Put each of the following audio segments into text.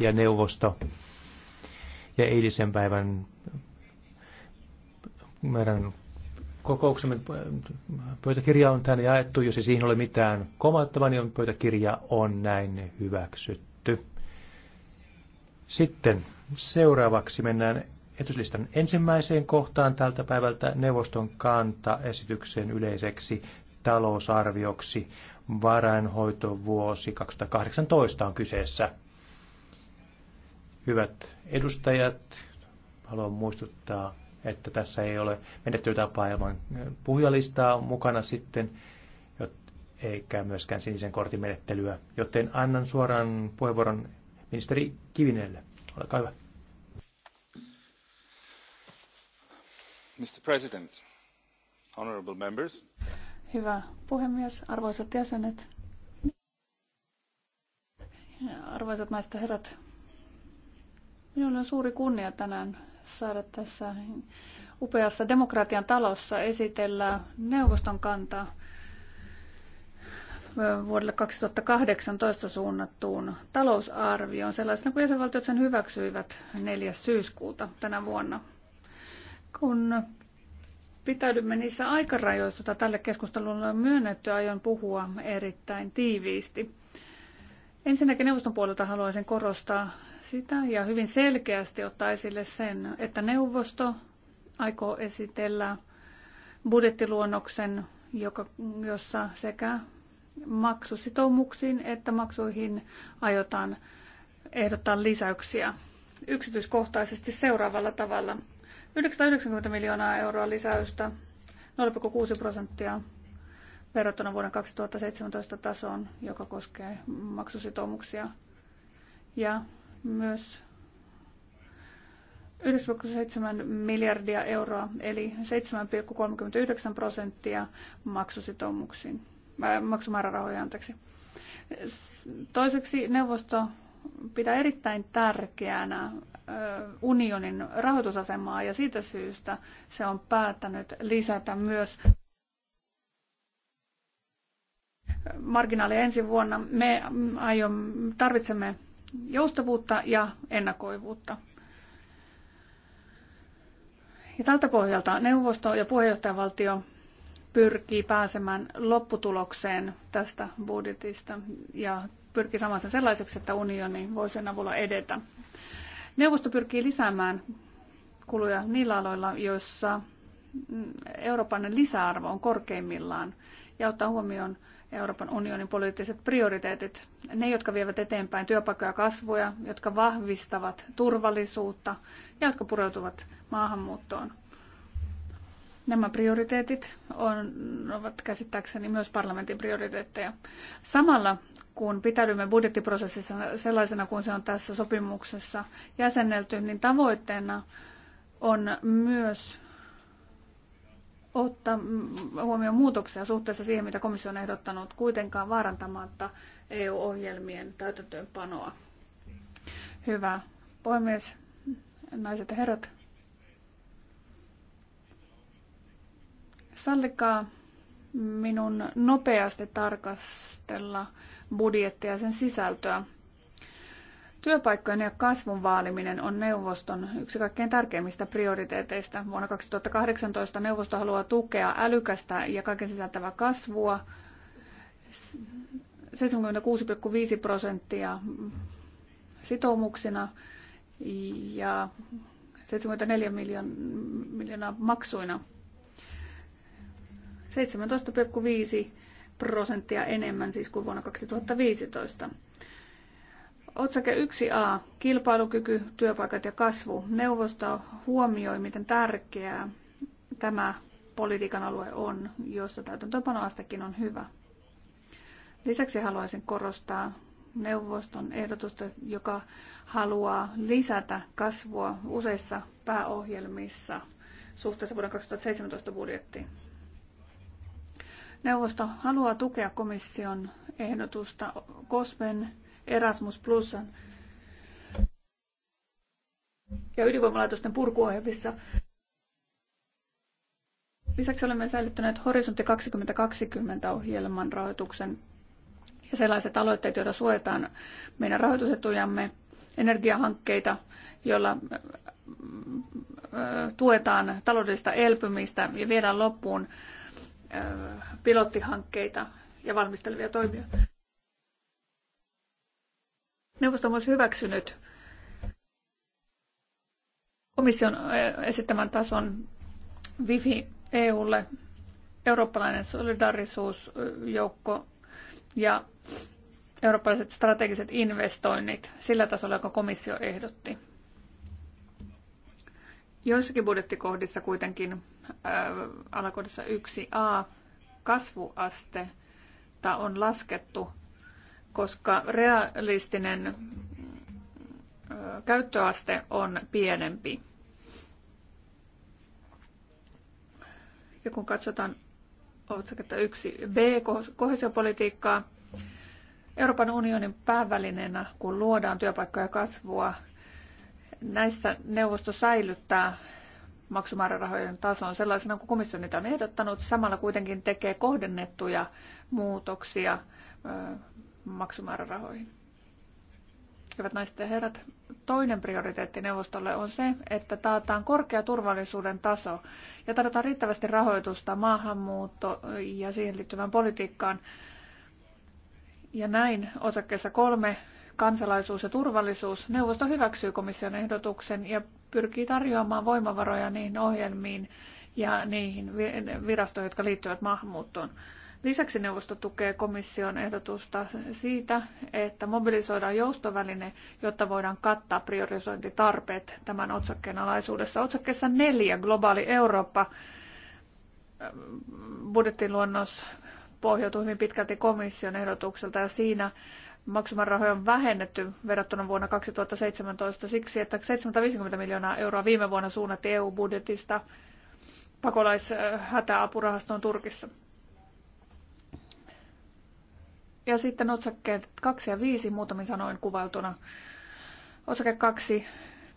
ja neuvosto. Ja eilisen päivän meidän kokouksemme pöytäkirja on tänne jaettu, jos ei siihen ole mitään komattavaa, niin pöytäkirja on näin hyväksytty. Sitten seuraavaksi mennään etuslistan ensimmäiseen kohtaan tältä päivältä neuvoston kanta esityksen yleiseksi talousarvioksi varainhoitovuosi 2018 on kyseessä. Hyvät edustajat, haluan muistuttaa, että tässä ei ole menettelytapaa ilman puhujalistaa mukana sitten, eikä myöskään sinisen kortin menettelyä, joten annan suoraan puheenvuoron ministeri Kivinelle. Olkaa hyvä. Mr. President, honorable members. Hyvä puhemies, arvoisat jäsenet, arvoisat naiset ja herrat, Minulla on suuri kunnia tänään saada tässä upeassa demokratian talossa esitellä neuvoston kanta vuodelle 2018 suunnattuun talousarvioon sellaisena kuin jäsenvaltiot sen hyväksyivät 4. syyskuuta tänä vuonna. Kun pitäydymme niissä aikarajoissa, joita tälle keskustelulle on myönnetty, aion puhua erittäin tiiviisti. Ensinnäkin neuvoston puolelta haluaisin korostaa sitä ja hyvin selkeästi ottaa esille sen, että neuvosto aikoo esitellä budjettiluonnoksen, joka, jossa sekä maksusitoumuksiin että maksuihin aiotaan ehdottaa lisäyksiä yksityiskohtaisesti seuraavalla tavalla. 990 miljoonaa euroa lisäystä, 0,6 prosenttia verrattuna vuoden 2017 tasoon, joka koskee maksusitoumuksia. Ja myös 1,7 miljardia euroa eli 7,39 prosenttia maksusitoumuksiin, äh, maksumäärärahoja anteeksi. Toiseksi neuvosto pitää erittäin tärkeänä äh, unionin rahoitusasemaa ja siitä syystä se on päättänyt lisätä myös marginaalia ensi vuonna. Me aion, tarvitsemme joustavuutta ja ennakoivuutta. Ja tältä pohjalta neuvosto ja puheenjohtajavaltio pyrkii pääsemään lopputulokseen tästä budjetista ja pyrkii saamaan sen sellaiseksi, että unioni voi sen avulla edetä. Neuvosto pyrkii lisäämään kuluja niillä aloilla, joissa Euroopan lisäarvo on korkeimmillaan ja ottaa huomioon Euroopan unionin poliittiset prioriteetit. Ne, jotka vievät eteenpäin työpaikkoja ja kasvuja, jotka vahvistavat turvallisuutta ja jotka pureutuvat maahanmuuttoon. Nämä prioriteetit on, ovat käsittääkseni myös parlamentin prioriteetteja. Samalla kun pitäydymme budjettiprosessissa sellaisena kuin se on tässä sopimuksessa jäsennelty, niin tavoitteena on myös ottaa mm, huomioon muutoksia suhteessa siihen, mitä komissio on ehdottanut, kuitenkaan vaarantamatta EU-ohjelmien täytäntöönpanoa. Hyvä puhemies, naiset ja herrat. Sallikaa minun nopeasti tarkastella budjettia ja sen sisältöä. Työpaikkojen ja kasvun vaaliminen on neuvoston yksi kaikkein tärkeimmistä prioriteeteista. Vuonna 2018 neuvosto haluaa tukea älykästä ja kaiken sisältävää kasvua. 76,5 prosenttia sitoumuksina ja 74 miljoonaa maksuina. 17,5 prosenttia enemmän siis kuin vuonna 2015. Otsake 1a, kilpailukyky, työpaikat ja kasvu. Neuvosto huomioi, miten tärkeää tämä politiikan alue on, jossa täytäntöönpanoastekin on hyvä. Lisäksi haluaisin korostaa neuvoston ehdotusta, joka haluaa lisätä kasvua useissa pääohjelmissa suhteessa vuoden 2017 budjettiin. Neuvosto haluaa tukea komission ehdotusta COSPEN Erasmus Plusan ja ydinvoimalaitosten purkuohjelmissa. Lisäksi olemme säilyttäneet Horisontti 2020 ohjelman rahoituksen ja sellaiset aloitteet, joita suojataan meidän rahoitusetujamme, energiahankkeita, joilla äh, äh, tuetaan taloudellista elpymistä ja viedään loppuun äh, pilottihankkeita ja valmistelevia toimia. Neuvosto on myös hyväksynyt komission äh, esittämän tason Wifi EUlle, eurooppalainen solidarisuusjoukko ja eurooppalaiset strategiset investoinnit sillä tasolla, joka komissio ehdotti. Joissakin budjettikohdissa kuitenkin äh, alakohdassa 1a kasvuaste on laskettu koska realistinen käyttöaste on pienempi. Ja kun katsotaan otsaketta 1b kohesiopolitiikkaa, Euroopan unionin päävälineenä, kun luodaan työpaikkoja kasvua, näistä neuvosto säilyttää maksumäärärahojen tason sellaisena kuin komissio niitä on ehdottanut. Samalla kuitenkin tekee kohdennettuja muutoksia maksumäärärahoihin. Hyvät naiset ja herrat, toinen prioriteetti neuvostolle on se, että taataan korkea turvallisuuden taso ja tarjotaan riittävästi rahoitusta maahanmuutto- ja siihen liittyvään politiikkaan. Ja näin osakkeessa kolme kansalaisuus ja turvallisuus neuvosto hyväksyy komission ehdotuksen ja pyrkii tarjoamaan voimavaroja niihin ohjelmiin ja niihin virastoihin, jotka liittyvät maahanmuuttoon. Lisäksi neuvosto tukee komission ehdotusta siitä, että mobilisoidaan joustoväline, jotta voidaan kattaa priorisointitarpeet tämän otsakkeen alaisuudessa. Otsakkeessa neljä globaali Eurooppa budjettiluonnos pohjautuu hyvin pitkälti komission ehdotukselta ja siinä maksumäärärahoja on vähennetty verrattuna vuonna 2017 siksi, että 750 miljoonaa euroa viime vuonna suunnattiin EU-budjetista pakolaishätäapurahastoon äh, Turkissa. Ja sitten otsakkeet 2 ja 5 muutamin sanoin kuvailtuna. Otsake 2,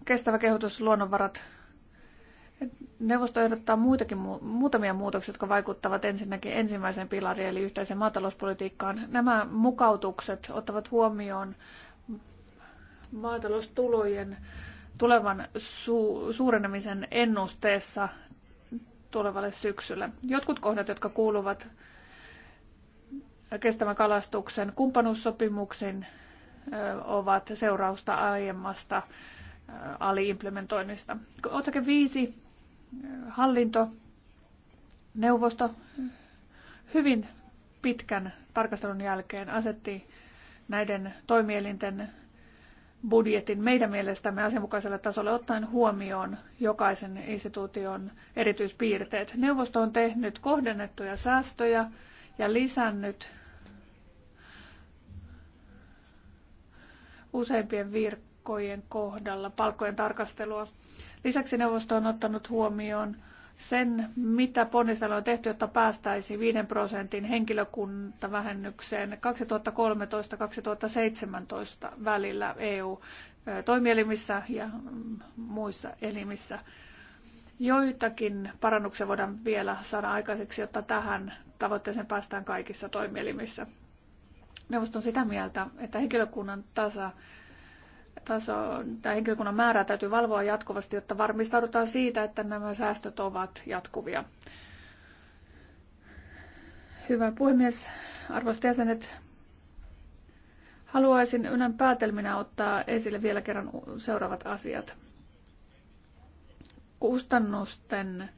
kestävä kehotus, luonnonvarat. Neuvosto ehdottaa muitakin, muutamia muutoksia, jotka vaikuttavat ensinnäkin ensimmäiseen pilariin eli yhteiseen maatalouspolitiikkaan. Nämä mukautukset ottavat huomioon maataloustulojen tulevan su- suurenemisen ennusteessa tulevalle syksylle. Jotkut kohdat, jotka kuuluvat kestävän kalastuksen kumppanuussopimuksen ovat seurausta aiemmasta aliimplementoinnista. Otsake 5, hallinto, neuvosto hyvin pitkän tarkastelun jälkeen asetti näiden toimielinten budjetin meidän mielestämme asianmukaiselle tasolle ottaen huomioon jokaisen instituution erityispiirteet. Neuvosto on tehnyt kohdennettuja säästöjä ja lisännyt useimpien virkkojen kohdalla palkkojen tarkastelua. Lisäksi neuvosto on ottanut huomioon sen, mitä ponnistelu on tehty, jotta päästäisiin 5 prosentin henkilökuntavähennykseen 2013-2017 välillä EU-toimielimissä ja mm, muissa elimissä. Joitakin parannuksia voidaan vielä saada aikaiseksi, jotta tähän tavoitteeseen päästään kaikissa toimielimissä. Neuvosto on sitä mieltä, että henkilökunnan tasa taso, tämä henkilökunnan määrää täytyy valvoa jatkuvasti, jotta varmistaudutaan siitä, että nämä säästöt ovat jatkuvia. Hyvä puhemies, arvoisat jäsenet. Haluaisin ynän päätelminä ottaa esille vielä kerran seuraavat asiat kustannusten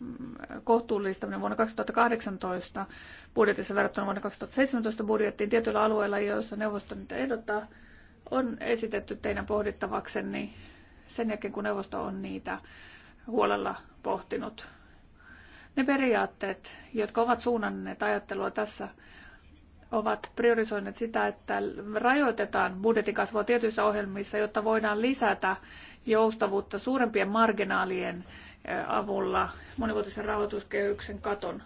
mm, kohtuullistaminen vuonna 2018 budjetissa verrattuna vuonna 2017 budjettiin tietyillä alueilla, joissa neuvosto niitä ehdottaa, on esitetty teidän niin sen jälkeen, kun neuvosto on niitä huolella pohtinut. Ne periaatteet, jotka ovat suunnanneet ajattelua tässä ovat priorisoineet sitä, että rajoitetaan budjetin kasvua tietyissä ohjelmissa, jotta voidaan lisätä joustavuutta suurempien marginaalien avulla monivuotisen rahoituskehyksen katon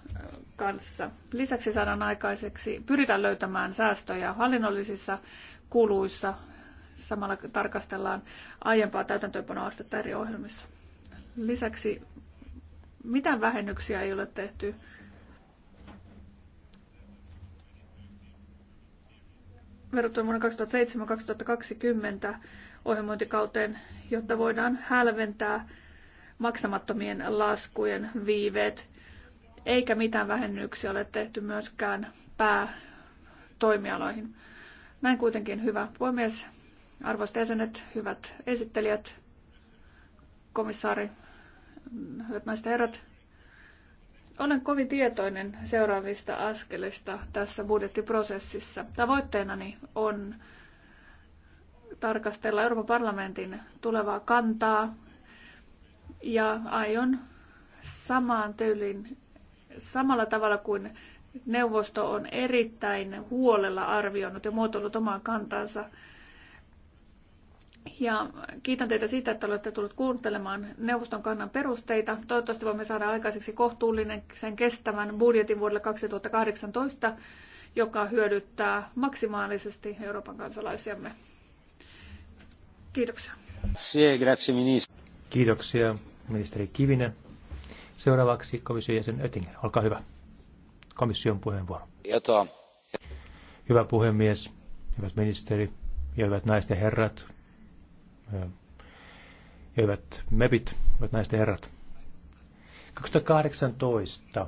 kanssa. Lisäksi saadaan aikaiseksi, pyritään löytämään säästöjä hallinnollisissa kuluissa. Samalla tarkastellaan aiempaa täytäntöönpanoastetta eri ohjelmissa. Lisäksi mitään vähennyksiä ei ole tehty verrattuna vuonna 2007-2020 ohjelmointikauteen, jotta voidaan hälventää maksamattomien laskujen viiveet, eikä mitään vähennyksiä ole tehty myöskään päätoimialoihin. Näin kuitenkin hyvä puhemies, arvoisat jäsenet, hyvät esittelijät, komissaari, hyvät naiset ja herrat. Olen kovin tietoinen seuraavista askelista tässä budjettiprosessissa. Tavoitteenani on tarkastella Euroopan parlamentin tulevaa kantaa ja aion samaan tyylin, samalla tavalla kuin neuvosto on erittäin huolella arvioinut ja muotoillut omaa kantansa – ja kiitän teitä siitä, että olette tulleet kuuntelemaan neuvoston kannan perusteita. Toivottavasti voimme saada aikaiseksi kohtuullinen sen kestävän budjetin vuodelle 2018, joka hyödyttää maksimaalisesti Euroopan kansalaisiamme. Kiitoksia. Kiitoksia, ministeri Kivinen. Seuraavaksi komission jäsen Oettinger, olkaa hyvä. Komission puheenvuoro. Jota. Hyvä puhemies, hyvät ministeri ja hyvät naiset ja herrat, ja hyvät mepit, hyvät naiset herrat. 2018,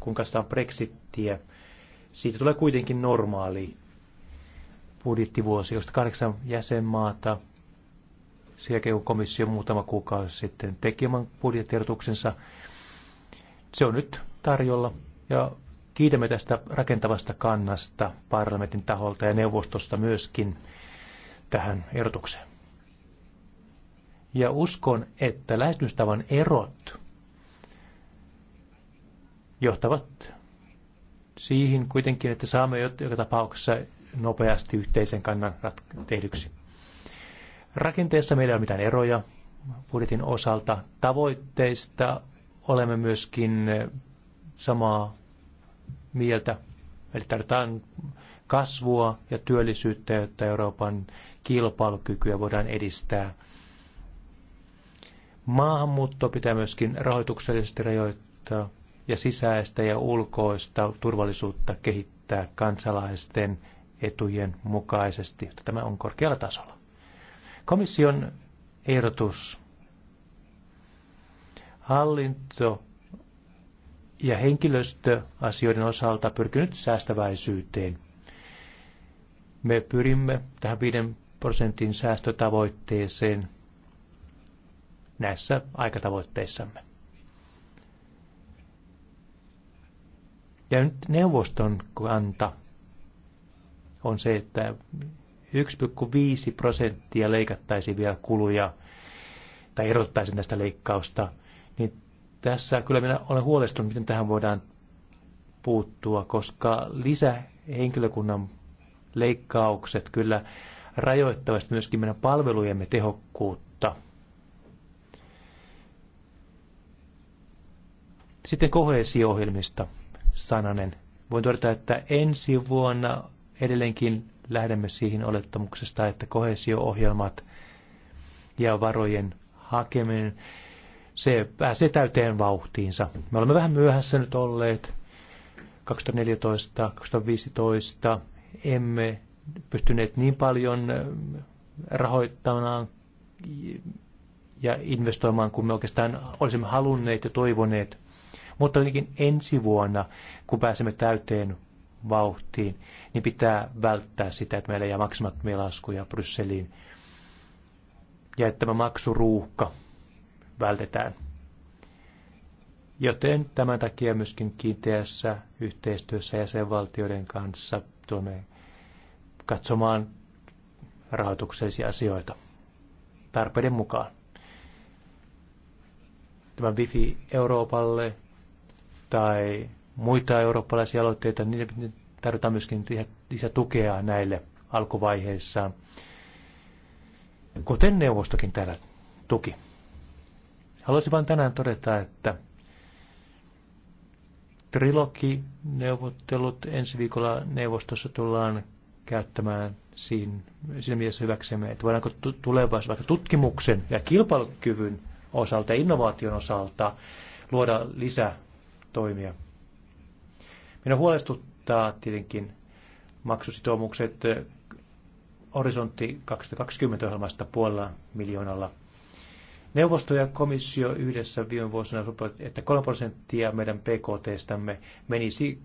kun katsotaan Brexittiä, siitä tulee kuitenkin normaali budjettivuosi, josta kahdeksan jäsenmaata, sen jälkeen komissio muutama kuukausi sitten teki oman budjettiedotuksensa. Se on nyt tarjolla ja kiitämme tästä rakentavasta kannasta parlamentin taholta ja neuvostosta myöskin – tähän erotukseen. Ja uskon, että lähestymistavan erot johtavat siihen kuitenkin, että saamme joka tapauksessa nopeasti yhteisen kannan tehdyksi. Rakenteessa meillä ei ole mitään eroja budjetin osalta. Tavoitteista olemme myöskin samaa mieltä. Eli tarvitaan kasvua ja työllisyyttä, jotta Euroopan kilpailukykyä voidaan edistää. Maahanmuuttoa pitää myöskin rahoituksellisesti rajoittaa ja sisäistä ja ulkoista turvallisuutta kehittää kansalaisten etujen mukaisesti, jotta tämä on korkealla tasolla. Komission ehdotus hallinto- ja henkilöstöasioiden osalta pyrkinyt säästäväisyyteen. Me pyrimme tähän 5 prosentin säästötavoitteeseen näissä aikatavoitteissamme. Ja nyt neuvoston kanta on se, että 1,5 prosenttia leikattaisi vielä kuluja tai erottaisi tästä leikkausta, niin tässä kyllä minä olen huolestunut, miten tähän voidaan puuttua, koska lisähenkilökunnan leikkaukset kyllä rajoittavasti myöskin meidän palvelujemme tehokkuutta. Sitten kohesio-ohjelmista sananen. Voin todeta, että ensi vuonna edelleenkin lähdemme siihen olettamuksesta, että kohesio-ohjelmat ja varojen hakeminen, se pääsee täyteen vauhtiinsa. Me olemme vähän myöhässä nyt olleet 2014, 2015, emme pystyneet niin paljon rahoittamaan ja investoimaan kuin me oikeastaan olisimme halunneet ja toivoneet. Mutta jotenkin ensi vuonna, kun pääsemme täyteen vauhtiin, niin pitää välttää sitä, että meillä jää maksimattomia laskuja Brysseliin ja että tämä maksuruuhka vältetään. Joten tämän takia myöskin kiinteässä yhteistyössä jäsenvaltioiden kanssa tuomme katsomaan rahoituksellisia asioita tarpeiden mukaan. Tämä Wifi Euroopalle tai muita eurooppalaisia aloitteita, niille tarvitaan myöskin lisätukea näille alkuvaiheissa. kuten neuvostokin täällä tuki. Haluaisin vain tänään todeta, että trilogineuvottelut ensi viikolla neuvostossa tullaan käyttämään siinä, siinä mielessä hyväksemme, että voidaanko tulevaisuudessa vaikka tutkimuksen ja kilpailukyvyn osalta ja innovaation osalta luoda lisätoimia. Minä huolestuttaa tietenkin maksusitoumukset horisontti 2020 ohjelmasta puolella miljoonalla. Neuvosto ja komissio yhdessä viime vuosina sopivat, että 3 prosenttia meidän PKTstämme menisi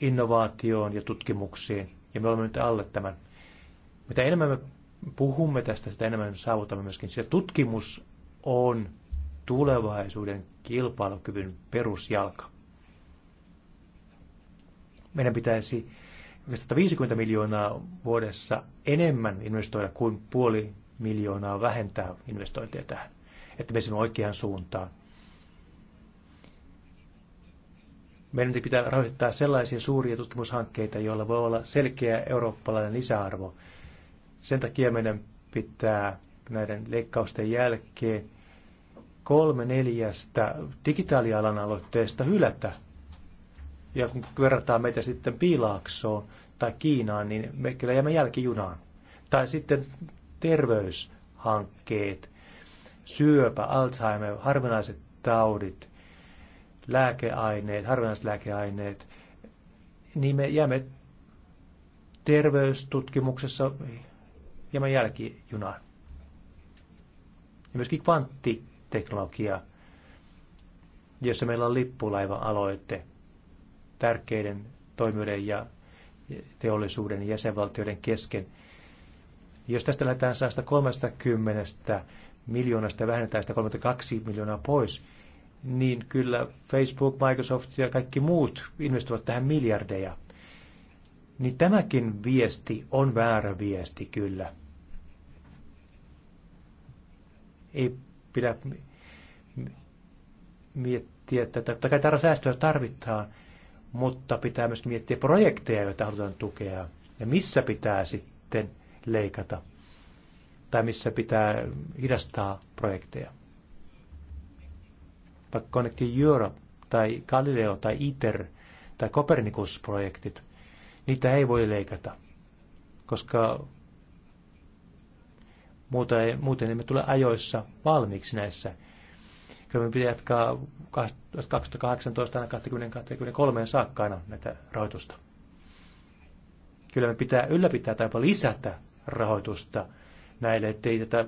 innovaatioon ja tutkimuksiin, ja me olemme nyt alle tämän. Mitä enemmän me puhumme tästä, sitä enemmän me saavutamme myöskin, sillä tutkimus on tulevaisuuden kilpailukyvyn perusjalka. Meidän pitäisi 50 miljoonaa vuodessa enemmän investoida kuin puoli miljoonaa vähentää investointeja tähän, että me oikeaan suuntaan. Meidän pitää rahoittaa sellaisia suuria tutkimushankkeita, joilla voi olla selkeä eurooppalainen lisäarvo. Sen takia meidän pitää näiden leikkausten jälkeen kolme neljästä digitaalialan aloitteesta hylätä. Ja kun verrataan meitä sitten Piilaaksoon tai Kiinaan, niin me kyllä jäämme jälkijunaan. Tai sitten terveyshankkeet, syöpä, Alzheimer, harvinaiset taudit, lääkeaineet, harvinaislääkeaineet, niin me jäämme terveystutkimuksessa hieman jälkijunaan. Ja myöskin kvanttiteknologia, jossa meillä on lippulaiva-aloite tärkeiden toimijoiden ja teollisuuden ja jäsenvaltioiden kesken. Jos tästä lähdetään 130 miljoonasta ja vähennetään sitä 32 miljoonaa pois, niin kyllä Facebook, Microsoft ja kaikki muut investoivat tähän miljardeja. Niin tämäkin viesti on väärä viesti kyllä. Ei pidä miettiä tätä. Totta kai tarvitaan säästöä tarvitaan, mutta pitää myös miettiä projekteja, joita halutaan tukea. Ja missä pitää sitten leikata. Tai missä pitää hidastaa projekteja vaikka Connecting Europe tai Galileo tai ITER tai Copernicus-projektit, niitä ei voi leikata, koska muuta ei, muuten emme tule ajoissa valmiiksi näissä. Kyllä me pitää jatkaa 2018 aina 2023 saakka aina näitä rahoitusta. Kyllä me pitää ylläpitää tai jopa lisätä rahoitusta näille, ettei tätä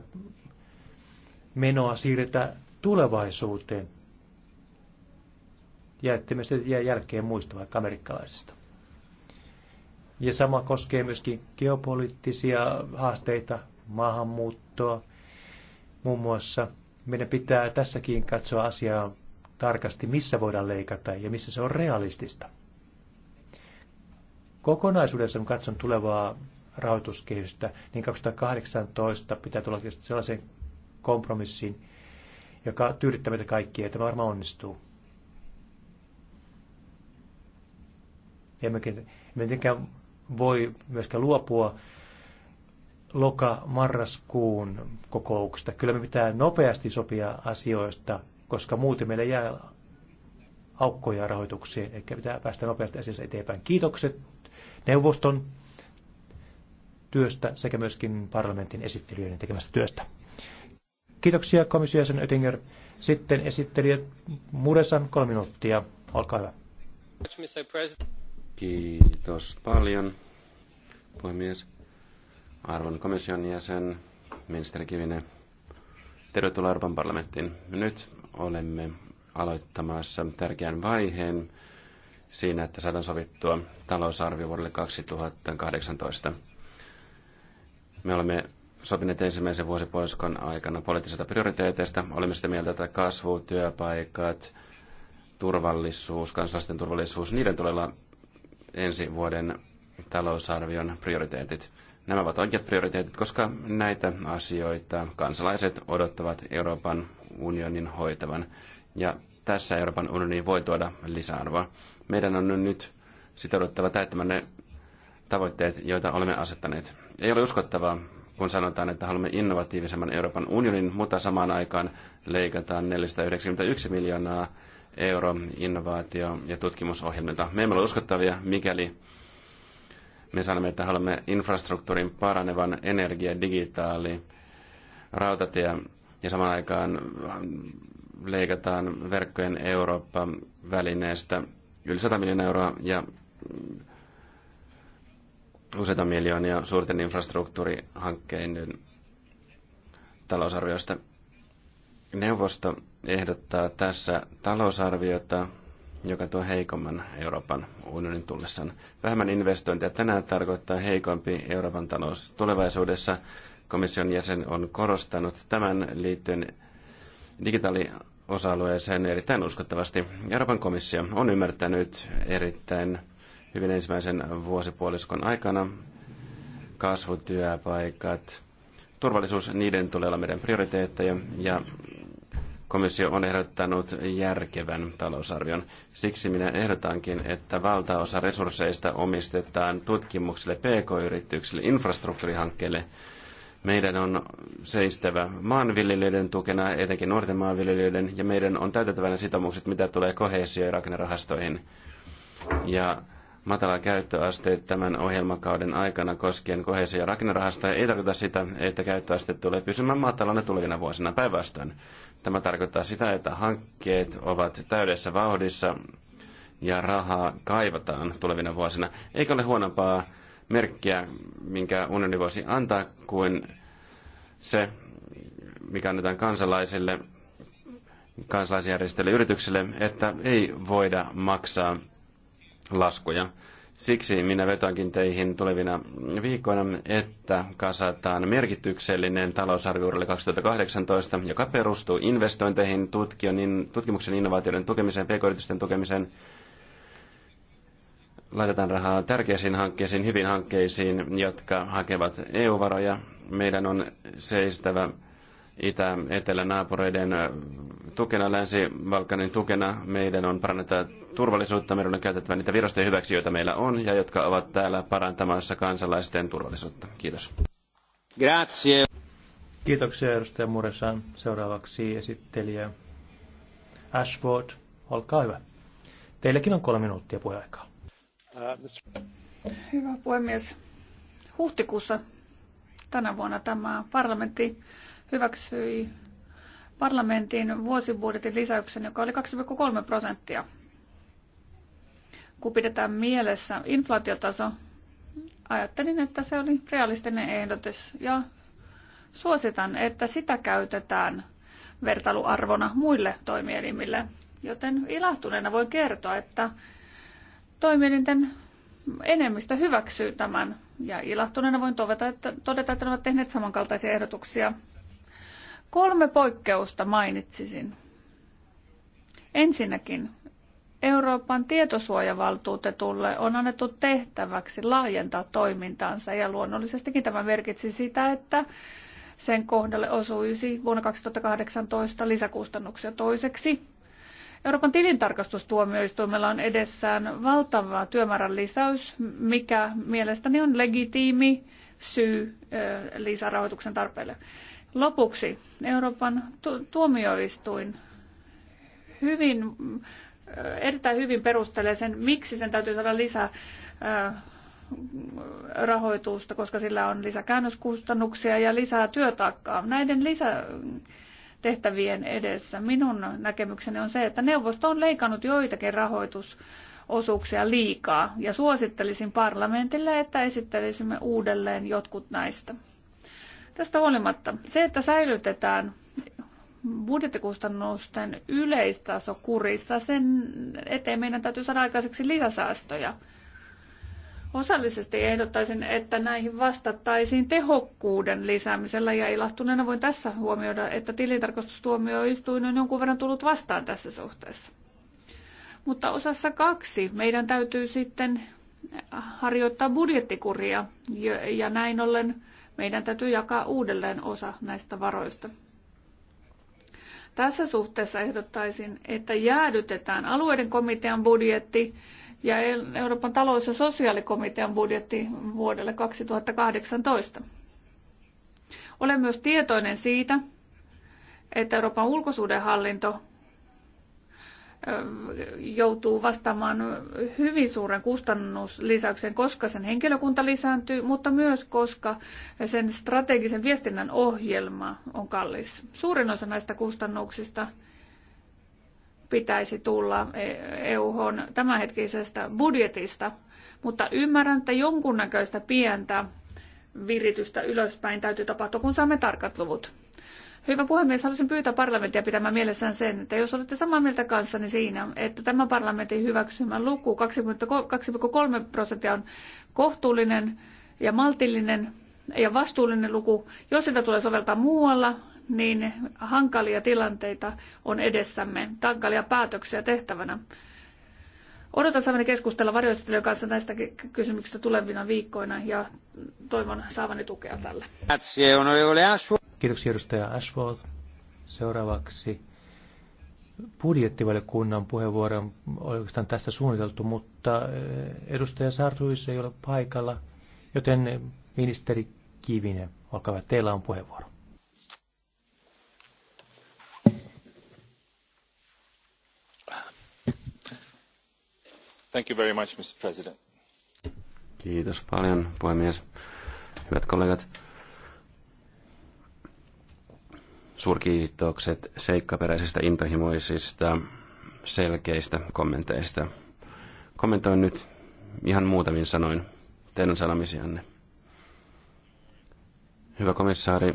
menoa siirretä tulevaisuuteen ja ettei jälkeen muista vaikka amerikkalaisista. Ja sama koskee myöskin geopoliittisia haasteita, maahanmuuttoa, muun muassa. Meidän pitää tässäkin katsoa asiaa tarkasti, missä voidaan leikata ja missä se on realistista. Kokonaisuudessa kun katson tulevaa rahoituskehystä, niin 2018 pitää tulla sellaisen kompromissin, joka tyydyttää meitä kaikkia, että varmaan onnistuu. emmekin mitenkään voi myöskään luopua loka-marraskuun kokouksesta. Kyllä me pitää nopeasti sopia asioista, koska muuten meillä jää aukkoja rahoituksiin, eli pitää päästä nopeasti asiassa eteenpäin. Kiitokset neuvoston työstä sekä myöskin parlamentin esittelijöiden tekemästä työstä. Kiitoksia komissiojäsen Oettinger. Sitten esittelijä Muresan kolme minuuttia. Olkaa hyvä. Kiitos paljon, puhemies. Arvon komission jäsen, ministeri Kivinen. Tervetuloa Euroopan parlamenttiin. Nyt olemme aloittamassa tärkeän vaiheen siinä, että saadaan sovittua talousarvio vuodelle 2018. Me olemme sopineet ensimmäisen vuosipuoliskon aikana poliittisista prioriteeteista. Olemme sitä mieltä, että kasvu, työpaikat, turvallisuus, kansalaisten turvallisuus, niiden tulee olla ensi vuoden talousarvion prioriteetit. Nämä ovat oikeat prioriteetit, koska näitä asioita kansalaiset odottavat Euroopan unionin hoitavan. Ja tässä Euroopan unioni voi tuoda lisäarvoa. Meidän on nyt sitouduttava täyttämään ne tavoitteet, joita olemme asettaneet. Ei ole uskottavaa, kun sanotaan, että haluamme innovatiivisemman Euroopan unionin, mutta samaan aikaan leikataan 491 miljoonaa euro innovaatio- ja tutkimusohjelmilta. Me emme ole uskottavia, mikäli me sanomme, että haluamme infrastruktuurin paranevan energia, digitaali, rautatie ja samaan aikaan ähm, leikataan verkkojen Eurooppa-välineestä yli 100 miljoonaa euroa ja mm, useita miljoonia suurten infrastruktuurihankkeiden talousarviosta. Neuvosto ehdottaa tässä talousarviota, joka tuo heikomman Euroopan unionin tullessaan. Vähemmän investointeja tänään tarkoittaa heikompi Euroopan talous tulevaisuudessa. Komission jäsen on korostanut tämän liittyen digitaaliosa alueeseen erittäin uskottavasti. Euroopan komissio on ymmärtänyt erittäin hyvin ensimmäisen vuosipuoliskon aikana kasvutyöpaikat. Turvallisuus, niiden tulee olla meidän prioriteetteja ja komissio on ehdottanut järkevän talousarvion. Siksi minä ehdotankin, että valtaosa resursseista omistetaan tutkimukselle, pk-yrityksille, infrastruktuurihankkeille. Meidän on seistävä maanviljelijöiden tukena, etenkin nuorten maanviljelijöiden, ja meidän on ne sitoumukset, mitä tulee kohesio- ja rakennerahastoihin. Ja matala käyttöaste tämän ohjelmakauden aikana koskien kohesio- ja rakennerahastoja ei tarkoita sitä, että käyttöaste tulee pysymään matalana tulevina vuosina päinvastoin. Tämä tarkoittaa sitä, että hankkeet ovat täydessä vauhdissa ja rahaa kaivataan tulevina vuosina. Eikä ole huonompaa merkkiä, minkä unioni voisi antaa, kuin se, mikä annetaan kansalaisille, kansalaisjärjestöille, yrityksille, että ei voida maksaa laskuja. Siksi minä vetoankin teihin tulevina viikkoina, että kasataan merkityksellinen talousarvio vuodelle 2018, joka perustuu investointeihin, tutkimuksen innovaatioiden tukemiseen, pk-yritysten tukemiseen, laitetaan rahaa tärkeisiin hankkeisiin, hyvin hankkeisiin, jotka hakevat EU-varoja. Meidän on seistävä itä naapureiden tukena, Länsi-Balkanin tukena, meidän on parannettava turvallisuutta, meidän on käytettävä niitä virastoja hyväksi, joita meillä on ja jotka ovat täällä parantamassa kansalaisten turvallisuutta. Kiitos. Grazie. Kiitoksia edustaja Muresan. Seuraavaksi esittelijä Ashford, olkaa hyvä. Teilläkin on kolme minuuttia puheaikaa. Hyvä puhemies. Huhtikuussa tänä vuonna tämä parlamentti hyväksyi parlamentin vuosibudjetin lisäyksen, joka oli 2,3 prosenttia. Kun pidetään mielessä inflaatiotaso, ajattelin, että se oli realistinen ehdotus ja suositan, että sitä käytetään vertailuarvona muille toimielimille. Joten ilahtuneena voi kertoa, että toimielinten enemmistö hyväksyy tämän. Ja ilahtuneena voin todeta, että, todeta, että ne ovat tehneet samankaltaisia ehdotuksia Kolme poikkeusta mainitsisin. Ensinnäkin Euroopan tietosuojavaltuutetulle on annettu tehtäväksi laajentaa toimintaansa ja luonnollisestikin tämä merkitsi sitä, että sen kohdalle osuisi vuonna 2018 lisäkustannuksia toiseksi. Euroopan tilintarkastustuomioistuimella on edessään valtava työmäärän lisäys, mikä mielestäni on legitiimi syy lisärahoituksen tarpeelle. Lopuksi Euroopan tu- tuomioistuin hyvin, erittäin hyvin perustelee sen, miksi sen täytyy saada lisää rahoitusta, koska sillä on lisäkäännöskustannuksia ja lisää työtaakkaa. Näiden lisätehtävien edessä minun näkemykseni on se, että neuvosto on leikannut joitakin rahoitus osuuksia liikaa ja suosittelisin parlamentille, että esittelisimme uudelleen jotkut näistä. Tästä huolimatta se, että säilytetään budjettikustannusten yleistaso kurissa, sen eteen meidän täytyy saada aikaiseksi lisäsäästöjä. Osallisesti ehdottaisin, että näihin vastattaisiin tehokkuuden lisäämisellä ja ilahtuneena voin tässä huomioida, että tilintarkastustuomioistuin on jonkun verran tullut vastaan tässä suhteessa. Mutta osassa kaksi meidän täytyy sitten harjoittaa budjettikuria ja näin ollen meidän täytyy jakaa uudelleen osa näistä varoista. Tässä suhteessa ehdottaisin, että jäädytetään alueiden komitean budjetti ja Euroopan talous- ja sosiaalikomitean budjetti vuodelle 2018. Olen myös tietoinen siitä, että Euroopan ulkosuudenhallinto joutuu vastaamaan hyvin suuren kustannuslisäyksen, koska sen henkilökunta lisääntyy, mutta myös koska sen strategisen viestinnän ohjelma on kallis. Suurin osa näistä kustannuksista pitäisi tulla EU:hon e tämänhetkisestä budjetista, mutta ymmärrän, että jonkunnäköistä pientä viritystä ylöspäin täytyy tapahtua, kun saamme tarkat luvut. Hyvä puhemies, haluaisin pyytää parlamenttia pitämään mielessään sen, että jos olette samaa mieltä kanssani siinä, että tämä parlamentin hyväksymä luku 2,3 prosenttia on kohtuullinen ja maltillinen ja vastuullinen luku, jos sitä tulee soveltaa muualla, niin hankalia tilanteita on edessämme, hankalia päätöksiä tehtävänä. Odotan saavani keskustella varjoesittelyjen kanssa näistä kysymyksistä tulevina viikkoina ja toivon saavani tukea tälle. Kiitoksia edustaja Ashworth. Seuraavaksi budjettivaliokunnan on oikeastaan tässä suunniteltu, mutta eh, edustaja Sartuis ei ole paikalla, joten eh, ministeri Kivinen, olkaa hyvä, teillä on puheenvuoro. Thank you very much, Mr. President. Kiitos paljon, puhemies. Hyvät kollegat, Suurkiitokset seikkaperäisistä, intohimoisista, selkeistä kommenteista. Kommentoin nyt ihan muutamin sanoin teidän sanomisianne. Hyvä komissaari,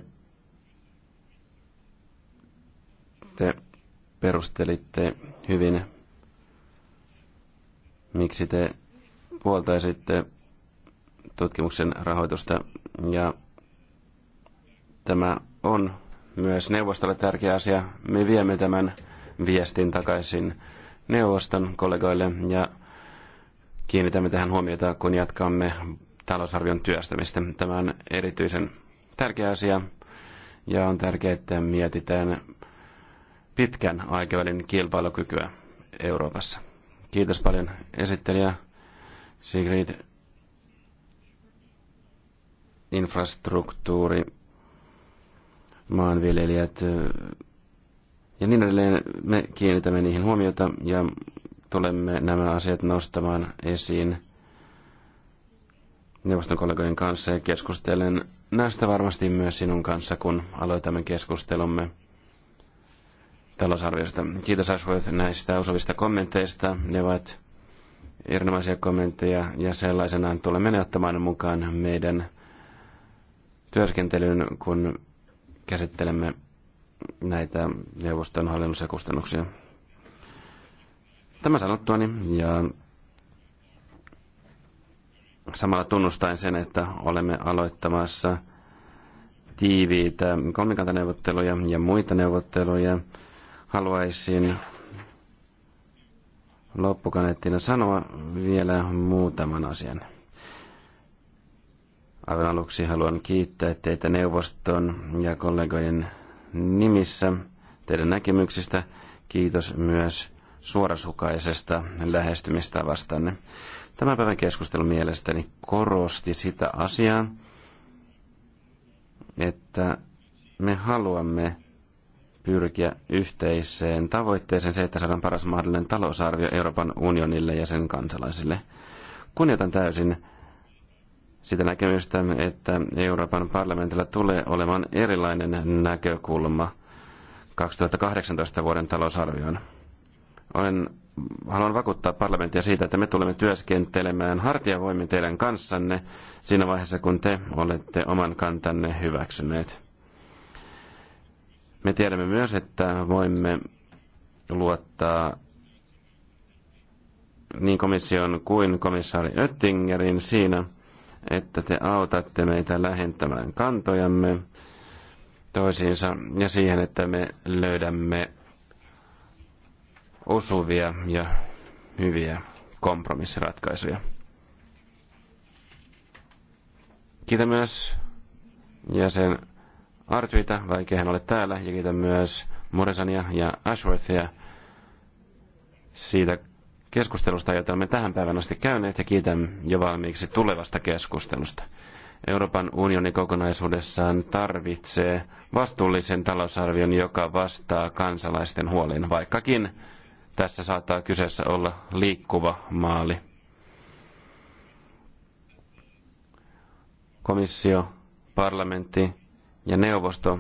te perustelitte hyvin, miksi te puoltaisitte tutkimuksen rahoitusta ja tämä on myös neuvostolle tärkeä asia. Me viemme tämän viestin takaisin neuvoston kollegoille ja kiinnitämme tähän huomiota, kun jatkamme talousarvion työstämistä. Tämä on erityisen tärkeä asia ja on tärkeää, että mietitään pitkän aikavälin kilpailukykyä Euroopassa. Kiitos paljon esittelijä Sigrid. Infrastruktuuri maanviljelijät ja niin edelleen. Me kiinnitämme niihin huomiota ja tulemme nämä asiat nostamaan esiin neuvoston kollegojen kanssa ja keskustelen näistä varmasti myös sinun kanssa, kun aloitamme keskustelumme talousarviosta. Kiitos Ashworth näistä osuvista kommenteista. Ne ovat erinomaisia kommentteja ja sellaisenaan tulemme ne ottamaan mukaan meidän työskentelyyn, kun käsittelemme näitä neuvoston hallinnollisia kustannuksia. Tämä sanottuani ja samalla tunnustain sen, että olemme aloittamassa tiiviitä kolmikantaneuvotteluja ja muita neuvotteluja, haluaisin loppukaneettina sanoa vielä muutaman asian. Aivan aluksi haluan kiittää teitä neuvoston ja kollegojen nimissä teidän näkemyksistä. Kiitos myös suorasukaisesta lähestymistavastanne. Tämän päivän keskustelu mielestäni korosti sitä asiaa, että me haluamme pyrkiä yhteiseen tavoitteeseen se, että saadaan paras mahdollinen talousarvio Euroopan unionille ja sen kansalaisille. Kunnioitan täysin sitä näkemystä, että Euroopan parlamentilla tulee olemaan erilainen näkökulma 2018 vuoden talousarvioon. Olen, haluan vakuuttaa parlamenttia siitä, että me tulemme työskentelemään hartiavoimin teidän kanssanne siinä vaiheessa, kun te olette oman kantanne hyväksyneet. Me tiedämme myös, että voimme luottaa niin komission kuin komissaari Oettingerin siinä – että te autatte meitä lähentämään kantojamme toisiinsa ja siihen, että me löydämme osuvia ja hyviä kompromissiratkaisuja. Kiitän myös jäsen Artwita, vaikka hän ole täällä, ja kiitän myös Moresania ja Ashworthia siitä keskustelusta, jota olemme tähän päivän asti käyneet, ja kiitän jo valmiiksi tulevasta keskustelusta. Euroopan unioni kokonaisuudessaan tarvitsee vastuullisen talousarvion, joka vastaa kansalaisten huoliin, vaikkakin tässä saattaa kyseessä olla liikkuva maali. Komissio, parlamentti ja neuvosto